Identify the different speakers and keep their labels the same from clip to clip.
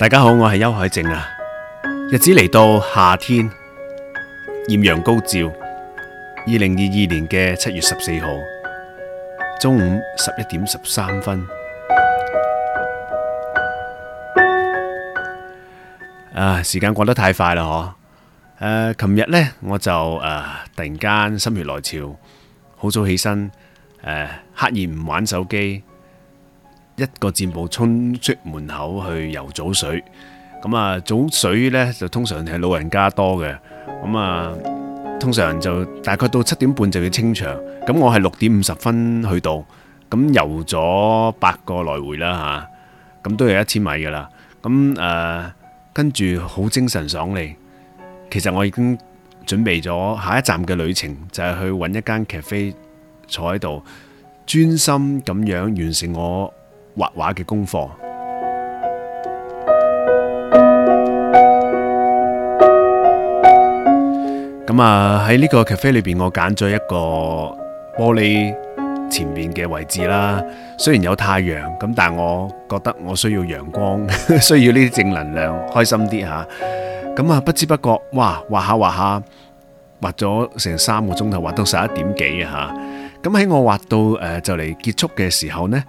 Speaker 1: 大家好，我係邱海靖啊。日子嚟到夏天，艷陽高照。二零二二年嘅七月十四號，中午十一點十三分。啊，時間過得太快啦，嗬。誒，琴日呢，我就誒突然間心血來潮，好早起身，誒，刻意唔玩手機。一個箭步衝出門口去游早水，咁啊，早水呢就通常係老人家多嘅，咁啊通常就大概到七點半就要清場，咁我係六點五十分去到，咁游咗八個來回啦吓，咁都有一千米噶啦，咁誒跟住好精神爽利，其實我已經準備咗下一站嘅旅程，就係去搵一間 cafe 坐喺度，專心咁樣完成我。畫畫嘅功課，咁啊喺呢個咖啡裏邊，我揀咗一個玻璃前面嘅位置啦。雖然有太陽，咁但係我覺得我需要陽光，需要呢啲正能量，開心啲吓。咁啊，不知不覺，哇，畫下畫下，畫咗成三個鐘頭，畫到十一點幾啊吓。咁喺我畫到誒、呃、就嚟結束嘅時候呢，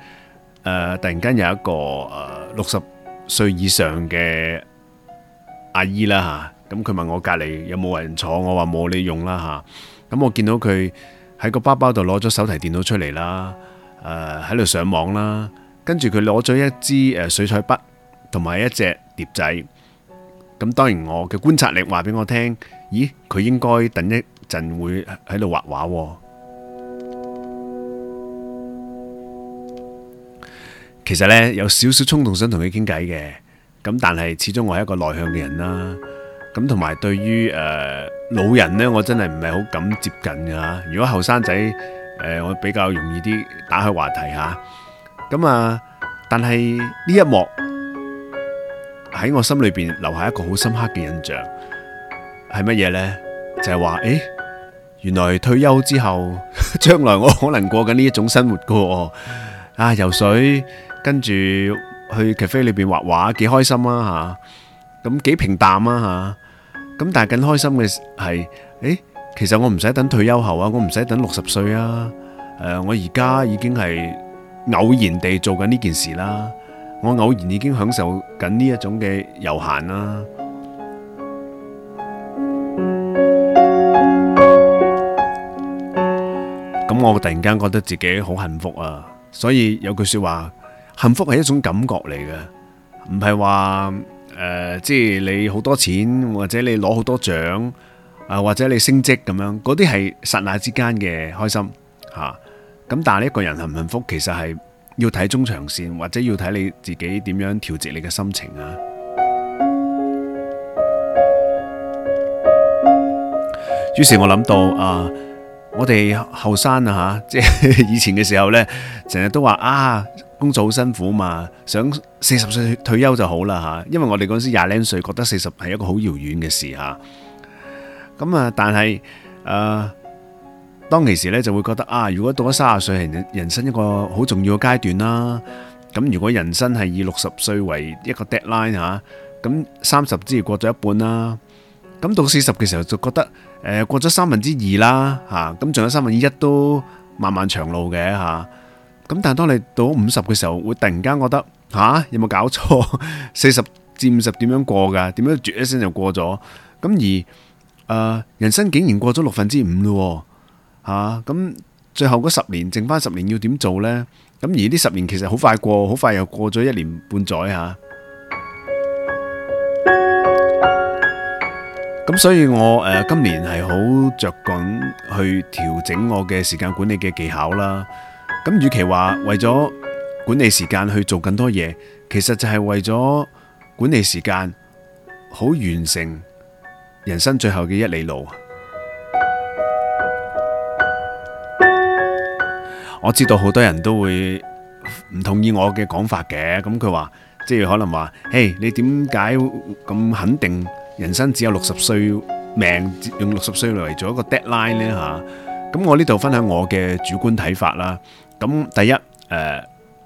Speaker 1: 誒，突然間有一個誒六十歲以上嘅阿姨啦，吓，咁佢問我隔籬有冇人坐，我話冇，你用啦吓。咁我見到佢喺個包包度攞咗手提電腦出嚟啦，誒喺度上網啦，跟住佢攞咗一支誒水彩筆同埋一隻碟仔。咁當然我嘅觀察力話俾我聽，咦，佢應該等一陣會喺度畫畫。其實呢有少少衝動想同佢傾偈嘅，咁但係始終我係一個內向嘅人啦，咁同埋對於誒、呃、老人呢，我真係唔係好敢接近嘅。如果後生仔，我比較容易啲打開話題吓。咁啊，但係呢一幕喺我心裏邊留下一個好深刻嘅印象，係乜嘢呢？就係話誒，原來退休之後，將來我可能過緊呢一種生活噶喎，啊游水。跟住去咖啡裏邊畫畫，幾開心啊吓！咁幾平淡啊吓！咁但係更開心嘅係，誒，其實我唔使等退休後啊，我唔使等六十歲啊，誒，我而家已經係偶然地做緊呢件事啦，我偶然已經享受緊呢一種嘅悠閒啦。咁我突然間覺得自己好幸福啊，所以有句說話。幸福係一種感覺嚟嘅，唔係話誒，即係你好多錢或者你攞好多獎啊、呃，或者你升職咁樣，嗰啲係剎那之間嘅開心吓。咁、啊、但係一個人幸唔幸福，其實係要睇中長線，或者要睇你自己點樣調節你嘅心情啊。於是我，我諗到啊，我哋後生啊吓，即係以前嘅時候呢，成日都話啊。工作好辛苦嘛，想四十歲退休就好啦吓，因為我哋嗰陣時廿零歲覺得四十係一個好遙遠嘅事吓，咁啊，但係誒，當其時咧就會覺得啊，如果到咗三十歲係人生一個好重要嘅階段啦，咁如果人生係以六十歲為一個 deadline 吓，咁三十之過咗一半啦，咁到四十嘅時候就覺得誒過咗三分之二啦吓，咁仲有三分之一都漫漫長路嘅吓。咁但係當你到五十嘅時候，會突然間覺得吓，有冇搞錯？四十至五十點樣過噶？點樣絕一聲就過咗？咁而誒，人生竟然過咗六分之五咯，吓咁最後嗰十年，剩翻十年要點做呢？咁而呢十年其實好快過，好快又過咗一年半載吓。咁所以我誒今年係好着緊去調整我嘅時間管理嘅技巧啦。咁，與其話為咗管理時間去做更多嘢，其實就係為咗管理時間，好完成人生最後嘅一里路。我知道好多人都會唔同意我嘅講法嘅，咁佢話即係可能話：誒，你點解咁肯定人生只有六十歲命，用六十歲嚟做一個 deadline 呢？吓，咁我呢度分享我嘅主觀睇法啦。咁第一，誒，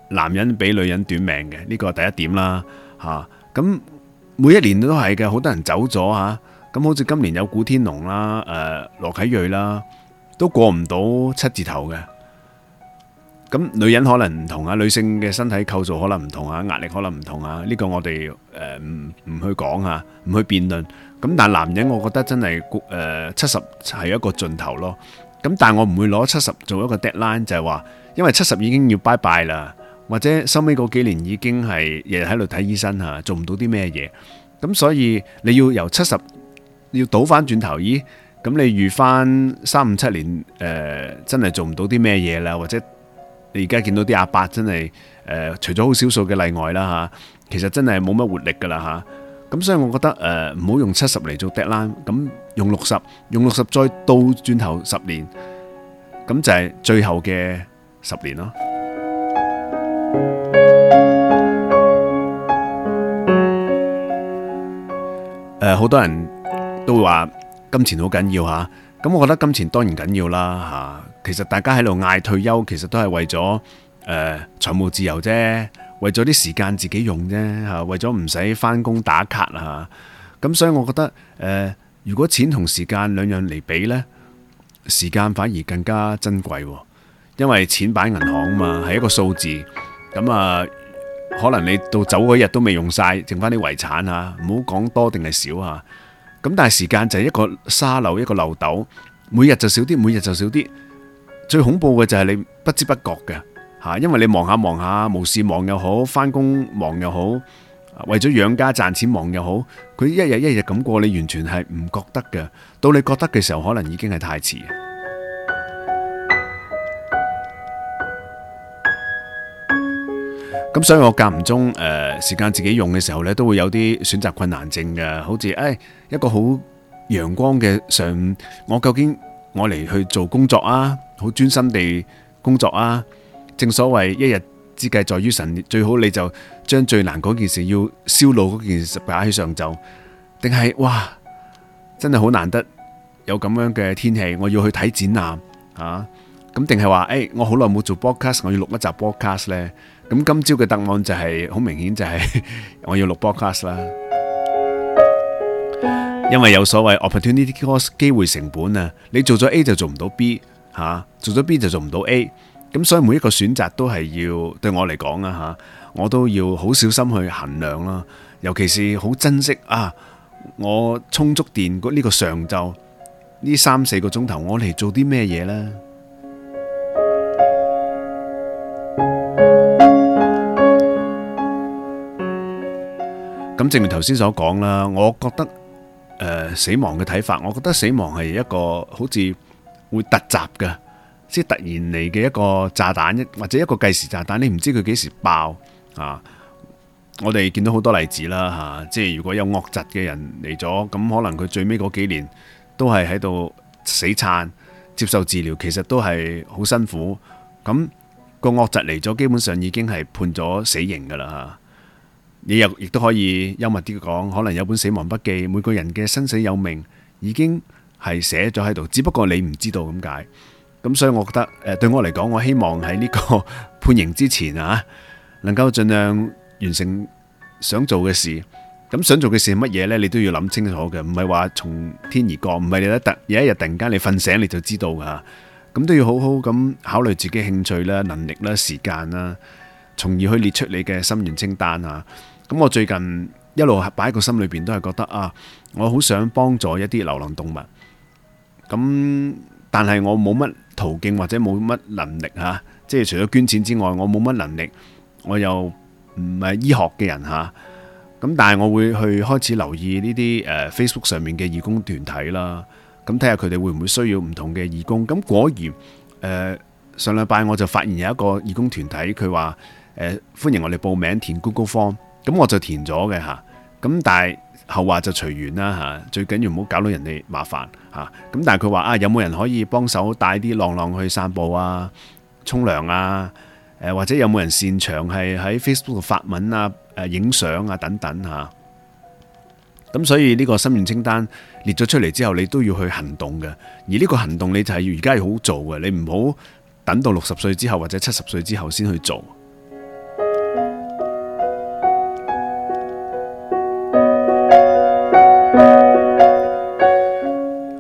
Speaker 1: 男人比女人短命嘅，呢個第一點啦吓。咁每一年都係嘅，好多人走咗吓。咁好似今年有古天龍啦，誒，羅啟銳啦，都過唔到七字頭嘅。咁女人可能唔同啊，女性嘅身體構造可能唔同啊，壓力可能唔同啊。呢個我哋誒唔唔去講吓，唔去辯論。咁但係男人，我覺得真係誒七十係一個盡頭咯。咁但係我唔會攞七十做一個 deadline，就係話。因為七十已經要拜拜啦，或者收尾嗰幾年已經係日日喺度睇醫生嚇，做唔到啲咩嘢咁，所以你要由七十要倒翻轉頭，咦？咁你預翻三五七年誒，真係做唔到啲咩嘢啦？或者你而家見到啲阿伯真係誒，除咗好少數嘅例外啦嚇，其實真係冇乜活力噶啦嚇。咁所以我覺得誒唔好用七十嚟做 deadline 啦，咁用六十，用六十再倒轉頭十年，咁就係最後嘅。十年咯，誒，好多人都會話金錢好緊要吓，咁我覺得金錢當然緊要啦吓，其實大家喺度嗌退休，其實都係為咗誒財務自由啫，為咗啲時間自己用啫吓，為咗唔使翻工打卡啊吓，咁所以我覺得誒，如果錢同時間兩樣嚟比呢，時間反而更加珍貴。因為錢擺喺銀行啊嘛，係一個數字，咁啊，可能你到走嗰日都未用晒，剩翻啲遺產啊，唔好講多定係少啊。咁但係時間就係一個沙漏，一個漏斗，每日就少啲，每日就少啲。最恐怖嘅就係你不知不覺嘅吓，因為你忙下忙下，無事忙又好，返工忙又好，為咗養家賺錢忙又好，佢一日一日咁過，你完全係唔覺得嘅。到你覺得嘅時候，可能已經係太遲。咁所以我間唔中誒，時間自己用嘅時候咧，都會有啲選擇困難症嘅。好似誒，一個好陽光嘅上午，我究竟我嚟去做工作啊，好專心地工作啊。正所謂一日之計在於晨，最好你就將最難嗰件事要燒腦嗰件事擺喺上晝，定係哇真係好難得有咁樣嘅天氣，我要去睇展覽啊。咁定係話誒，我好耐冇做 podcast，我要錄一集 podcast 咧。咁今朝嘅答案就係、是、好明顯、就是，就 係我要錄 podcast 啦。因為有所謂 opportunity cost 機會成本啊，你做咗 A 就做唔到 B，吓、啊，做咗 B 就做唔到 A。咁所以每一個選擇都係要對我嚟講啊，吓，我都要好小心去衡量啦。尤其是好珍惜啊，我充足電呢個上晝呢三四個鐘頭，我嚟做啲咩嘢呢？咁正如頭先所講啦，我覺得誒死亡嘅睇法，我覺得死亡係一個好似會突襲嘅，即係突然嚟嘅一個炸彈，一或者一個計時炸彈，你唔知佢幾時爆啊！我哋見到好多例子啦嚇，即係如果有惡疾嘅人嚟咗，咁可能佢最尾嗰幾年都係喺度死撐，接受治療，其實都係好辛苦。咁個惡疾嚟咗，基本上已經係判咗死刑㗎啦嚇。你又亦都可以幽默啲講，可能有本死亡筆記，每個人嘅生死有命，已經係寫咗喺度，只不過你唔知道咁解。咁所以，我覺得誒對我嚟講，我希望喺呢個判刑之前啊，能夠盡量完成想做嘅事。咁想做嘅事係乜嘢呢？你都要諗清楚嘅，唔係話從天而降，唔係你一突有一日突然間你瞓醒你就知道㗎。咁都要好好咁考慮自己興趣啦、能力啦、時間啦，從而去列出你嘅心願清單啊。咁我最近一路擺喺個心裏邊，都係覺得啊，我好想幫助一啲流浪動物。咁但係我冇乜途徑或者冇乜能力吓，即係除咗捐錢之外，我冇乜能力，我又唔係醫學嘅人吓。咁但係我會去開始留意呢啲誒 Facebook 上面嘅義工團體啦。咁睇下佢哋會唔會需要唔同嘅義工。咁果然誒上禮拜我就發現有一個義工團體，佢話誒歡迎我哋報名填 Google Form。咁我就填咗嘅吓，咁但係後話就隨緣啦吓，最緊要唔好搞到人哋麻煩吓。咁但係佢話啊，有冇人可以幫手帶啲浪浪去散步啊、沖涼啊？或者有冇人擅長係喺 Facebook 度發文啊、誒影相啊等等吓、啊？咁所以呢個心願清單列咗出嚟之後，你都要去行動嘅。而呢個行動你就係要而家係好做嘅，你唔好等到六十歲之後或者七十歲之後先去做。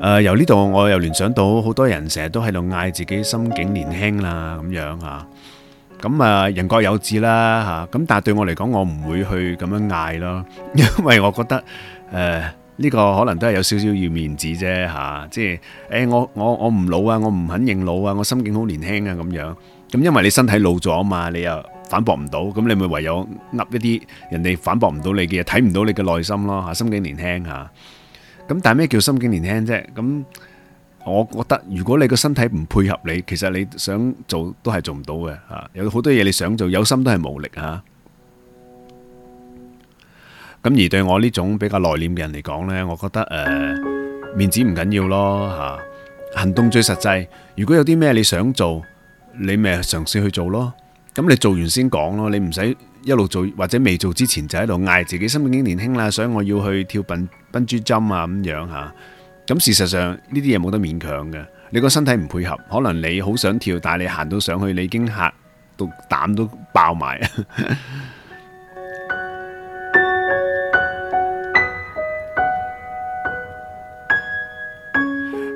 Speaker 1: 誒，由呢度我又聯想到好多人成日都喺度嗌自己心境年輕啦咁樣嚇，咁啊人各有志啦嚇，咁但係對我嚟講，我唔會去咁樣嗌咯，因為我覺得誒呢個可能都係有少少要面子啫嚇，即係誒我我我唔老啊，我唔肯認老啊，我心境好年輕啊咁樣，咁因為你身體老咗嘛，你又反駁唔到，咁你咪唯有噏一啲人哋反駁唔到你嘅嘢，睇唔到你嘅內心咯嚇，心境年輕嚇。咁但係咩叫心境年輕啫？咁我覺得如果你個身體唔配合你，其實你想做都係做唔到嘅吓。有好多嘢你想做，有心都係無力吓。咁而對我呢種比較內斂嘅人嚟講呢，我覺得誒面子唔緊要咯吓，行動最實際。如果有啲咩你想做，你咪嘗試去做咯。咁你做完先講咯，你唔使一路做或者未做之前就喺度嗌自己心境已經年輕啦，所以我要去跳蹦。珍珠針啊，咁樣吓，咁事實上呢啲嘢冇得勉強嘅，你個身體唔配合，可能你好想跳，但係你行到上去，你已經嚇到膽都爆埋。咁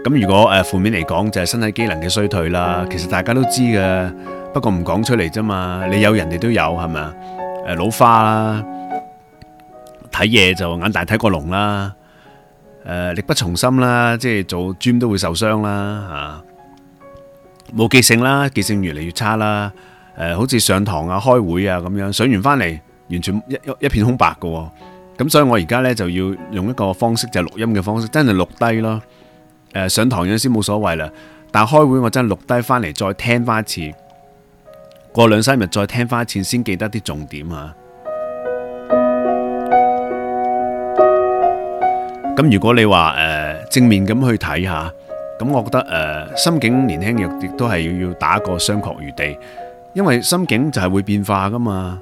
Speaker 1: 如果誒負面嚟講，就係身體機能嘅衰退啦。其實大家都知嘅，不過唔講出嚟啫嘛。你有人哋都有係咪誒老花啦。睇嘢就眼大睇過龍啦，誒、呃、力不從心啦，即係做 gym 都會受傷啦吓，冇、啊、記性啦，記性越嚟越差啦，誒、呃、好似上堂啊開會啊咁樣上完翻嚟完全一一片空白噶，咁所以我而家呢，就要用一個方式就係錄音嘅方式，真係錄低咯，誒、呃、上堂有陣時冇所謂啦，但係開會我真係錄低翻嚟再聽翻一次，過兩三日再聽翻一次先記得啲重點啊。咁如果你話誒，正面咁去睇吓，咁我覺得誒，心境年輕亦都係要要打個商榷餘地，因為心境就係會變化噶嘛。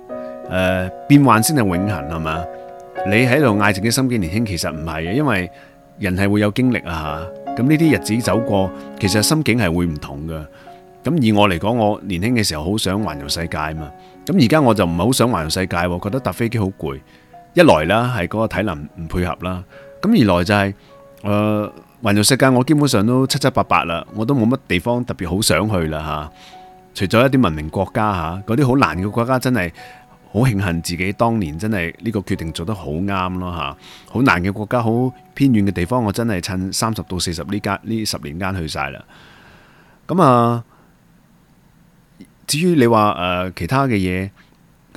Speaker 1: 誒，變幻先係永恒係嘛。你喺度嗌自己心境年輕，其實唔係嘅，因為人係會有經歷啊吓。咁呢啲日子走過，其實心境係會唔同噶。咁以我嚟講，我年輕嘅時候好想環遊世界嘛。咁而家我就唔係好想環遊世界，覺得搭飛機好攰，一來啦係嗰個體能唔配合啦。咁而來就係、是，誒、呃，環遊世界我基本上都七七八八啦，我都冇乜地方特別好想去啦吓、啊，除咗一啲文明國家吓，嗰啲好難嘅國家真係好慶幸自己當年真係呢個決定做得好啱咯吓，好、啊、難嘅國家好偏遠嘅地方我真係趁三十到四十呢間呢十年間去晒啦，咁啊，至於你話誒、呃、其他嘅嘢。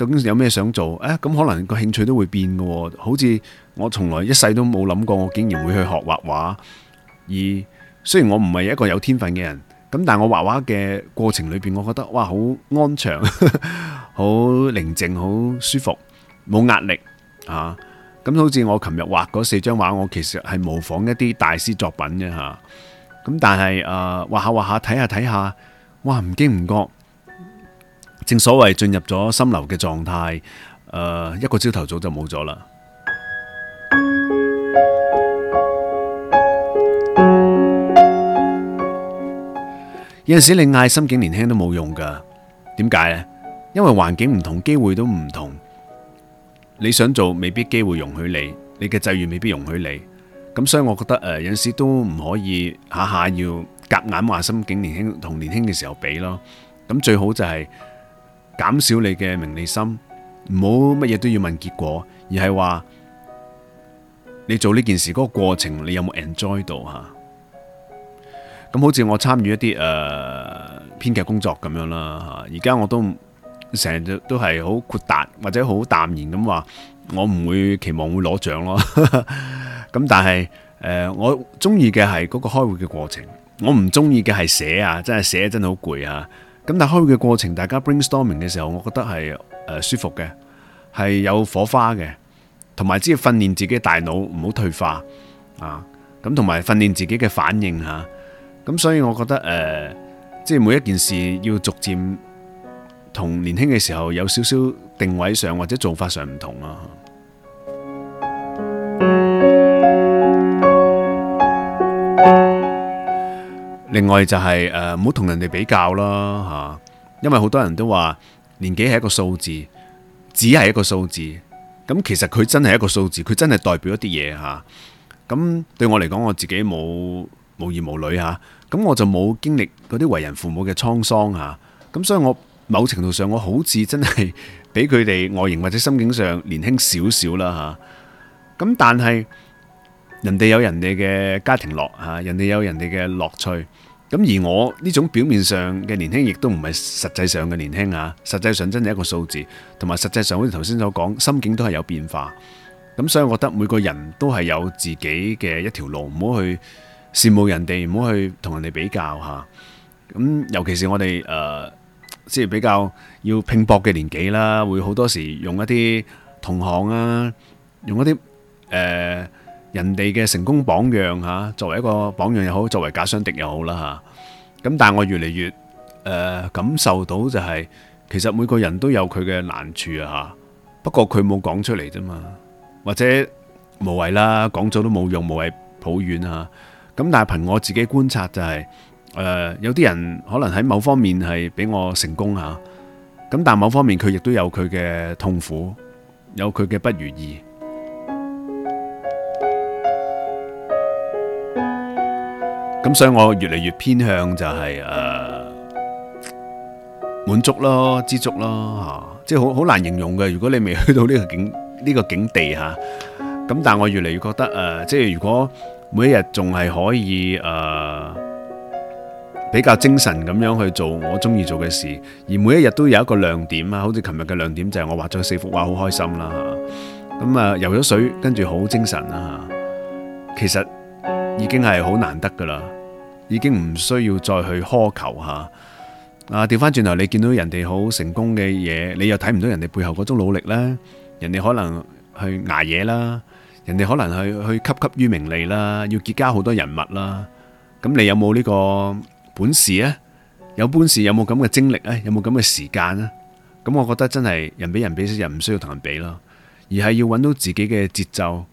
Speaker 1: 究竟有咩想做？誒、啊，咁可能個興趣都會變嘅、哦，好似我從來一世都冇諗過，我竟然會去學畫畫。而雖然我唔係一個有天分嘅人，咁但係我畫畫嘅過程裏邊，我覺得哇，好安詳，好寧靜，好舒服，冇壓力啊。咁好似我琴日畫嗰四張畫，我其實係模仿一啲大師作品嘅吓。咁、啊、但係誒，畫、呃、下畫下，睇下睇下，哇，唔經唔覺。正所謂進入咗心流嘅狀態，誒，一個朝頭早就冇咗啦。有陣時你嗌，心境年輕都冇用噶。點解咧？因為環境唔同，機會都唔同。你想做，未必機會容許你，你嘅際遇未必容許你。咁所以我覺得誒，有陣時都唔可以下下要夾硬話心境年輕，同年輕嘅時候比咯。咁最好就係。減少你嘅名利心，唔好乜嘢都要問結果，而係話你做呢件事嗰個過程，你有冇 enjoy 到吓？咁好似我參與一啲誒編劇工作咁樣啦吓，而家我都成日都係好豁達或者好淡然咁話，我唔會期望會攞獎咯。咁但係誒、呃，我中意嘅係嗰個開會嘅過程，我唔中意嘅係寫啊，真係寫真係好攰啊！咁但係開會嘅過程，大家 brainstorming 嘅時候，我覺得係誒舒服嘅，係有火花嘅，同埋只要訓練自己嘅大腦唔好退化啊，咁同埋訓練自己嘅反應吓，咁所以我覺得誒，即係每一件事要逐漸同年輕嘅時候有少少定位上或者做法上唔同啊。另外就係、是、誒，唔好同人哋比較啦吓、啊，因為好多人都話年紀係一個數字，只係一個數字。咁其實佢真係一個數字，佢真係代表一啲嘢吓。咁、啊、對我嚟講，我自己冇冇兒冇女吓，咁、啊、我就冇經歷嗰啲為人父母嘅滄桑吓。咁、啊、所以我某程度上，我好似真係比佢哋外形或者心境上年輕少少啦吓。咁、啊、但係人哋有人哋嘅家庭樂吓、啊，人哋有人哋嘅樂趣。咁而我呢種表面上嘅年輕，亦都唔係實際上嘅年輕嚇。實際上真係一個數字，同埋實際上好似頭先所講，心境都係有變化。咁所以我覺得每個人都係有自己嘅一條路，唔好去羨慕人哋，唔好去同人哋比較吓。咁尤其是我哋誒，即係比較要拼搏嘅年紀啦，會好多時用一啲同行啊，用一啲誒。人哋嘅成功榜樣嚇，作為一個榜樣又好，作為假想敵又好啦嚇。咁但係我越嚟越誒感受到就係，其實每個人都有佢嘅難處啊嚇。不過佢冇講出嚟啫嘛，或者無謂啦，講咗都冇用，無謂抱怨啊。咁但係憑我自己觀察就係，誒有啲人可能喺某方面係比我成功嚇。咁但係某方面佢亦都有佢嘅痛苦，有佢嘅不如意。咁所以我越嚟越偏向就係、是、誒、呃、滿足咯，知足咯吓、啊，即係好好難形容嘅。如果你未去到呢個境呢、呢個境地吓，咁、啊、但係我越嚟越覺得誒、呃，即係如果每一日仲係可以誒、呃、比較精神咁樣去做我中意做嘅事，而每一日都有一個亮點啊，好似琴日嘅亮點就係我畫咗四幅畫好開心啦吓，咁啊，啊，游咗水跟住好精神啦吓、啊，其實。已經係好難得噶啦，已經唔需要再去苛求吓。啊，調翻轉頭，你見到人哋好成功嘅嘢，你又睇唔到人哋背後嗰種努力啦。人哋可能去捱嘢啦，人哋可能去去汲汲於名利啦，要結交好多人物啦。咁你有冇呢個本事啊？有本事有冇咁嘅精力啊？有冇咁嘅時間啊？咁我覺得真係人比人比死人，唔需要同人比啦，而係要搵到自己嘅節奏。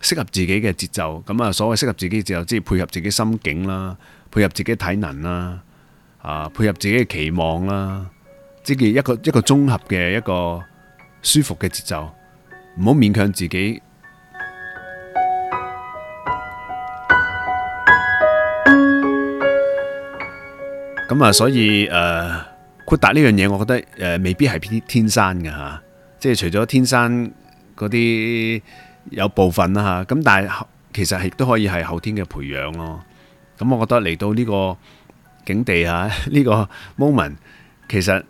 Speaker 1: 適合自己嘅節奏，咁啊，所謂適合自己節奏，即係配合自己心境啦，配合自己體能啦，啊配合自己嘅期望啦，即係一個一個綜合嘅一個舒服嘅節奏，唔好勉強自己。咁啊， 所以誒，豁達呢樣嘢，我覺得誒、呃、未必係天天生嘅吓、啊，即係除咗天生嗰啲。有部分啦吓，咁但係其實亦都可以係後天嘅培養咯。咁我覺得嚟到呢個境地啊，呢個 moment 其實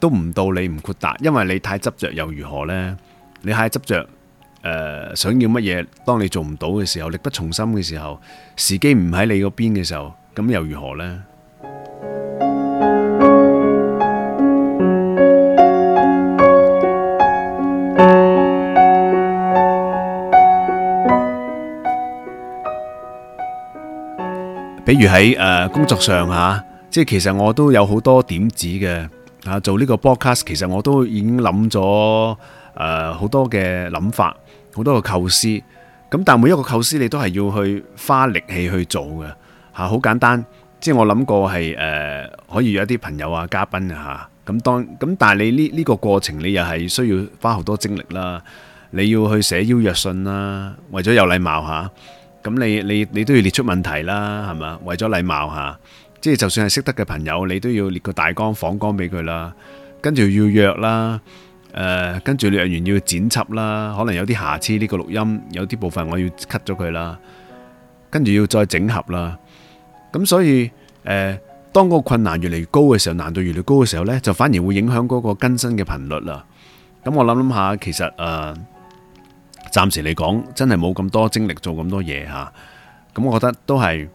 Speaker 1: 都唔到你唔豁達，因為你太執着又如何呢？你太執着，誒、呃，想要乜嘢？當你做唔到嘅時候，力不從心嘅時候，時機唔喺你嗰邊嘅時候，咁又如何呢？比如喺誒工作上嚇，即係其實我都有好多點子嘅嚇，做呢個 podcast 其實我都已經諗咗誒好多嘅諗法，好多嘅構思。咁但係每一個構思你都係要去花力氣去做嘅嚇，好簡單，即係我諗過係誒可以約啲朋友啊、嘉賓啊咁當咁，但係你呢呢個過程你又係需要花好多精力啦。你要去寫邀約信啦，為咗有禮貌嚇。咁你你你都要列出問題啦，係嘛？為咗禮貌嚇，即係就算係識得嘅朋友，你都要列個大綱、訪綱俾佢啦。跟住要約啦，誒，跟住約完要剪輯啦，可能有啲瑕疵呢個錄音，有啲部分我要 cut 咗佢啦。跟住要再整合啦。咁所以誒，當嗰個困難越嚟越高嘅時候，難度越嚟越高嘅時候呢，就反而會影響嗰個更新嘅頻率啦。咁我諗諗下，其實誒。暫時嚟講，真係冇咁多精力做咁多嘢吓，咁我覺得都係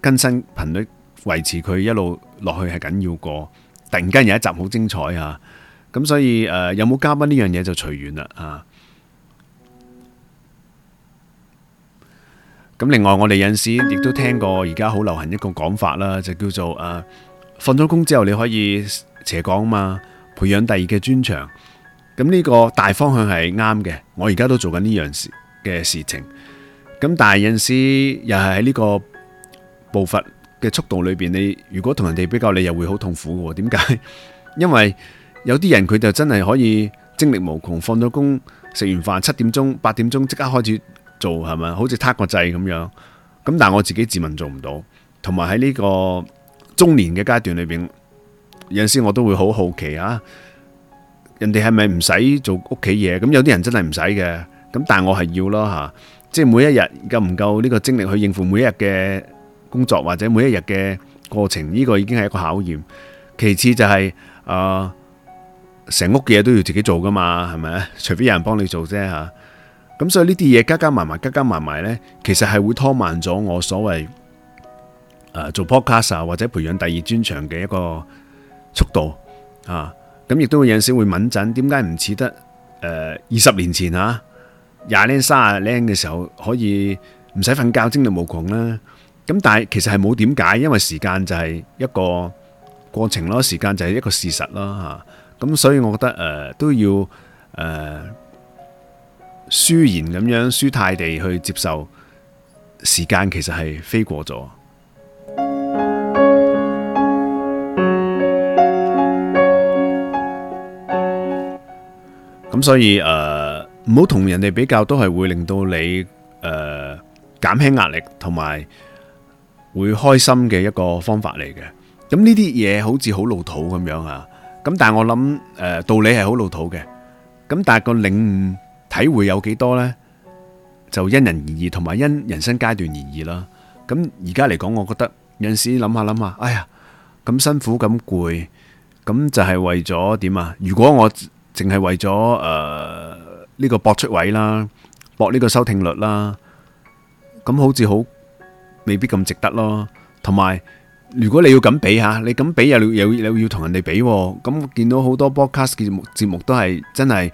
Speaker 1: 更新頻率維持佢一路落去係緊要過，突然間有一集好精彩吓。咁所以誒，有冇嘉賓呢樣嘢就隨緣啦啊！咁另外我哋有陣時亦都聽過而家好流行一個講法啦，就叫做誒、呃，放咗工之後你可以斜槓嘛，培養第二嘅專長。咁呢個大方向係啱嘅，我而家都做緊呢樣事嘅事情。咁但係有陣時又係喺呢個步伐嘅速度裏邊，你如果同人哋比較，你又會好痛苦嘅。點解？因為有啲人佢就真係可以精力無窮，放咗工食完飯七點鐘、八點鐘即刻開始做，係咪啊？好似撻個掣咁樣。咁但係我自己自問做唔到，同埋喺呢個中年嘅階段裏邊，有陣時我都會好好奇啊。人哋係咪唔使做屋企嘢？咁有啲人真係唔使嘅，咁但係我係要咯吓，即係每一日夠唔夠呢個精力去應付每一日嘅工作或者每一日嘅過程，呢個已經係一個考驗。其次就係誒，成屋嘅嘢都要自己做噶嘛，係咪啊？除非有人幫你做啫吓。咁所以呢啲嘢加加埋埋，加加埋埋呢，其實係會拖慢咗我所謂誒做 Podcast 或者培養第二專長嘅一個速度啊。咁亦都會有陣時會敏陣，點解唔似得誒二十年前嚇廿零卅零嘅時候可以唔使瞓覺，精力無窮咧？咁但係其實係冇點解，因為時間就係一個過程咯，時間就係一個事實咯嚇。咁所以我覺得誒、呃、都要誒、呃、舒然咁樣舒泰地去接受時間，其實係飛過咗。咁所以誒唔好同人哋比較，都係會令到你誒減輕壓力，同埋會開心嘅一個方法嚟嘅。咁呢啲嘢好似好老土咁樣啊，咁但係我諗誒道理係好老土嘅，咁但係個領悟體會有幾多呢，就因人而異，同埋因人生階段而異啦。咁而家嚟講，我覺得有陣時諗下諗下，哎呀咁辛苦咁攰，咁就係為咗點啊？如果我淨係為咗誒呢個博出位啦，博呢個收聽率啦，咁好似好未必咁值得咯。同埋，如果你要咁比吓，你咁比又又又要同人哋比，咁見到好多 podcast 嘅節目節目都係真係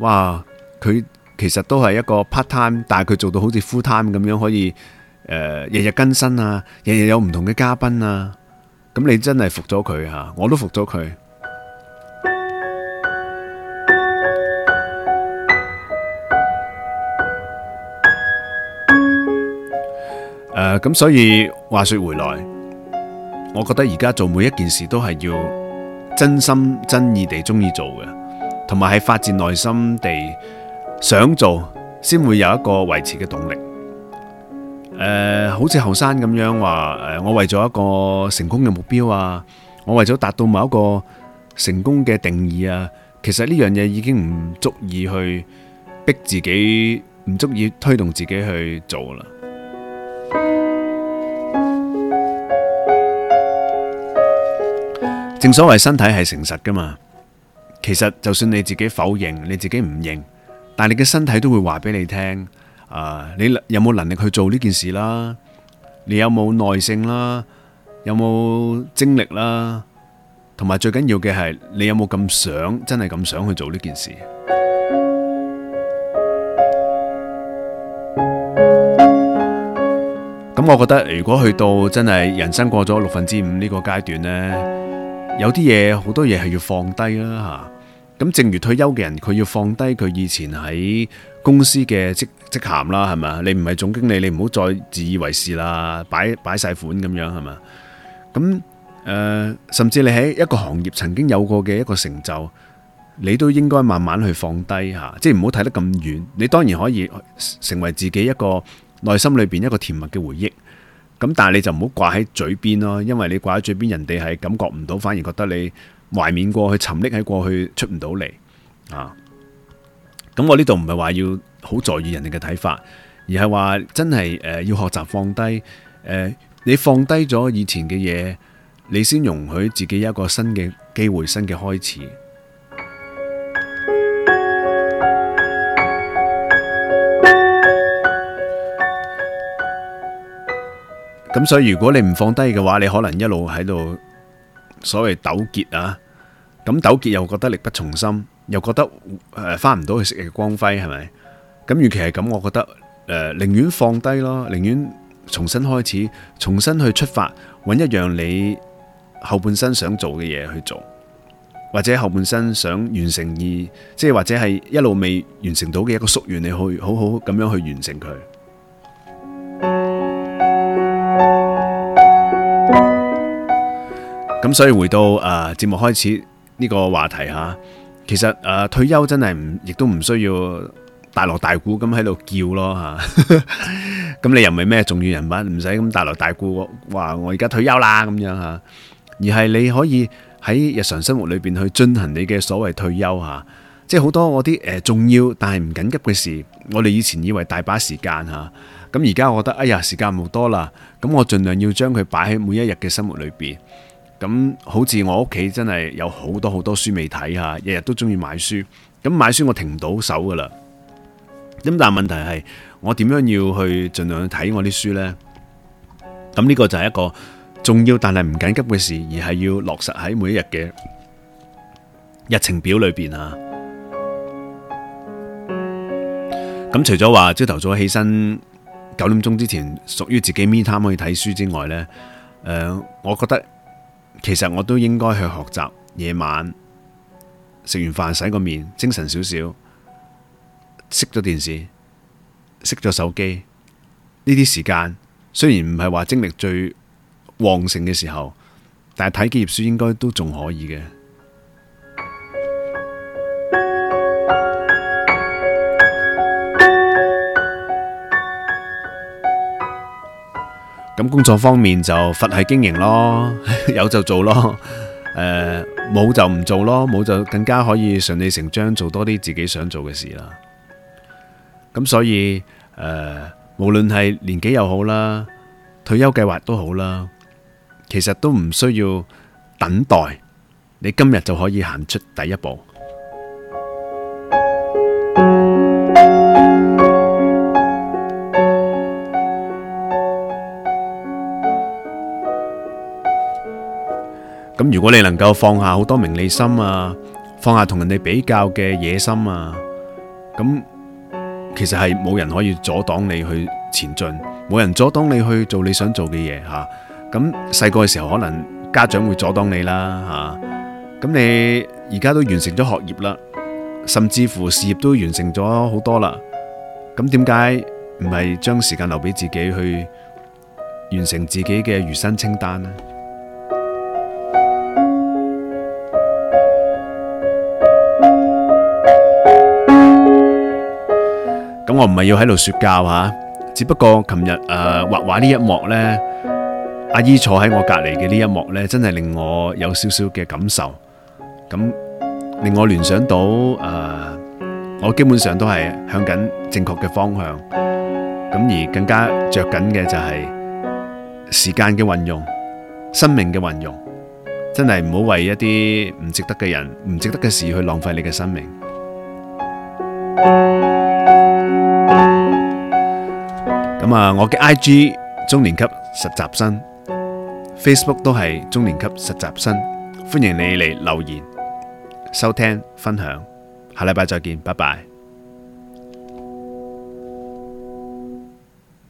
Speaker 1: 哇，佢其實都係一個 part time，但係佢做到好似 full time 咁樣，可以誒日日更新啊，日日有唔同嘅嘉賓啊，咁你真係服咗佢吓，我都服咗佢。誒，咁所以話說回來，我覺得而家做每一件事都係要真心真意地中意做嘅，同埋係發自內心地想做，先會有一個維持嘅動力。誒，好似後生咁樣話，誒，我為咗一個成功嘅目標啊，我為咗達到某一個成功嘅定義啊，其實呢樣嘢已經唔足以去逼自己，唔足以推動自己去做啦。正所謂身體係誠實噶嘛，其實就算你自己否認，你自己唔認，但你嘅身體都會話俾你聽。誒、啊，你有冇能力去做呢件事啦？你有冇耐性啦？有冇精力啦？同埋最緊要嘅係你有冇咁想，真係咁想去做呢件事。咁我覺得如果去到真係人生過咗六分之五呢個階段呢。有啲嘢，好多嘢係要放低啦吓。咁正如退休嘅人，佢要放低佢以前喺公司嘅職職銜啦，係咪啊？你唔係總經理，你唔好再自以為是啦，擺擺晒款咁樣係嘛。咁誒、呃，甚至你喺一個行業曾經有過嘅一個成就，你都應該慢慢去放低吓，即係唔好睇得咁遠。你當然可以成為自己一個內心裏邊一個甜蜜嘅回憶。咁但係你就唔好掛喺嘴邊咯，因為你掛喺嘴邊，人哋係感覺唔到，反而覺得你懷緬過去，沉溺喺過去，出唔到嚟啊！咁我呢度唔係話要好在意人哋嘅睇法，而係話真係誒、呃、要學習放低誒、呃，你放低咗以前嘅嘢，你先容許自己有一個新嘅機會、新嘅開始。咁所以如果你唔放低嘅話，你可能一路喺度所謂糾結啊，咁糾結又覺得力不從心，又覺得誒翻唔到去昔日光輝，係咪？咁與其係咁，我覺得誒寧願放低咯，寧願重新開始，重新去出發，搵一樣你後半生想做嘅嘢去做，或者後半生想完成意即係或者係一路未完成到嘅一個夙願，你去好好咁樣去完成佢。咁所以回到誒呃、節目開始呢個話題吓，其實誒、呃、退休真係唔，亦都唔需要大鑼大鼓咁喺度叫咯吓。咁你又唔係咩重要人物，唔使咁大鑼大鼓話我而家退休啦咁樣吓，而係你可以喺日常生活裏邊去進行你嘅所謂退休吓、啊，即係好多我啲誒重要但係唔緊急嘅事，我哋以前以為大把時間吓，咁而家我覺得哎呀時間冇多啦，咁我盡量要將佢擺喺每一日嘅生活裏邊。咁好似我屋企真係有好多好多書未睇吓，日日都中意買書。咁買書我停唔到手噶啦。咁但係問題係，我點樣要去盡量去睇我啲書呢？咁呢個就係一個重要但係唔緊急嘅事，而係要落實喺每一日嘅日程表裏邊啊。咁除咗話朝頭早起身九點鐘之前屬於自己 me time 去睇書之外呢誒、呃，我覺得。其實我都應該去學習。夜晚食完飯，洗個面，精神少少，熄咗電視，熄咗手機。呢啲時間雖然唔係話精力最旺盛嘅時候，但係睇幾頁書應該都仲可以嘅。工作方面就佛系經營咯，有就做咯，誒，冇就唔做咯，冇就更加可以順理成章做多啲自己想做嘅事啦。咁所以誒，無論係年紀又好啦，退休計劃都好啦，其實都唔需要等待，你今日就可以行出第一步。如果你能夠放下好多名利心啊，放下同人哋比較嘅野心啊，咁其實係冇人可以阻擋你去前進，冇人阻擋你去做你想做嘅嘢吓。咁細個嘅時候可能家長會阻擋你啦吓，咁、啊、你而家都完成咗學業啦，甚至乎事業都完成咗好多啦，咁點解唔係將時間留俾自己去完成自己嘅餘生清單呢？我唔係要喺度說教吓，只不過琴日，誒畫畫呢一幕呢，阿姨坐喺我隔籬嘅呢一幕呢，真係令我有少少嘅感受。咁令我聯想到誒、呃，我基本上都係向緊正確嘅方向。咁而更加着緊嘅就係時間嘅運用、生命嘅運用，真係唔好為一啲唔值得嘅人、唔值得嘅事去浪費你嘅生命。咁啊，我嘅 IG 中年級實習生，Facebook 都係中年級實習生，歡迎你嚟留言、收聽、分享，下禮拜再見，拜拜。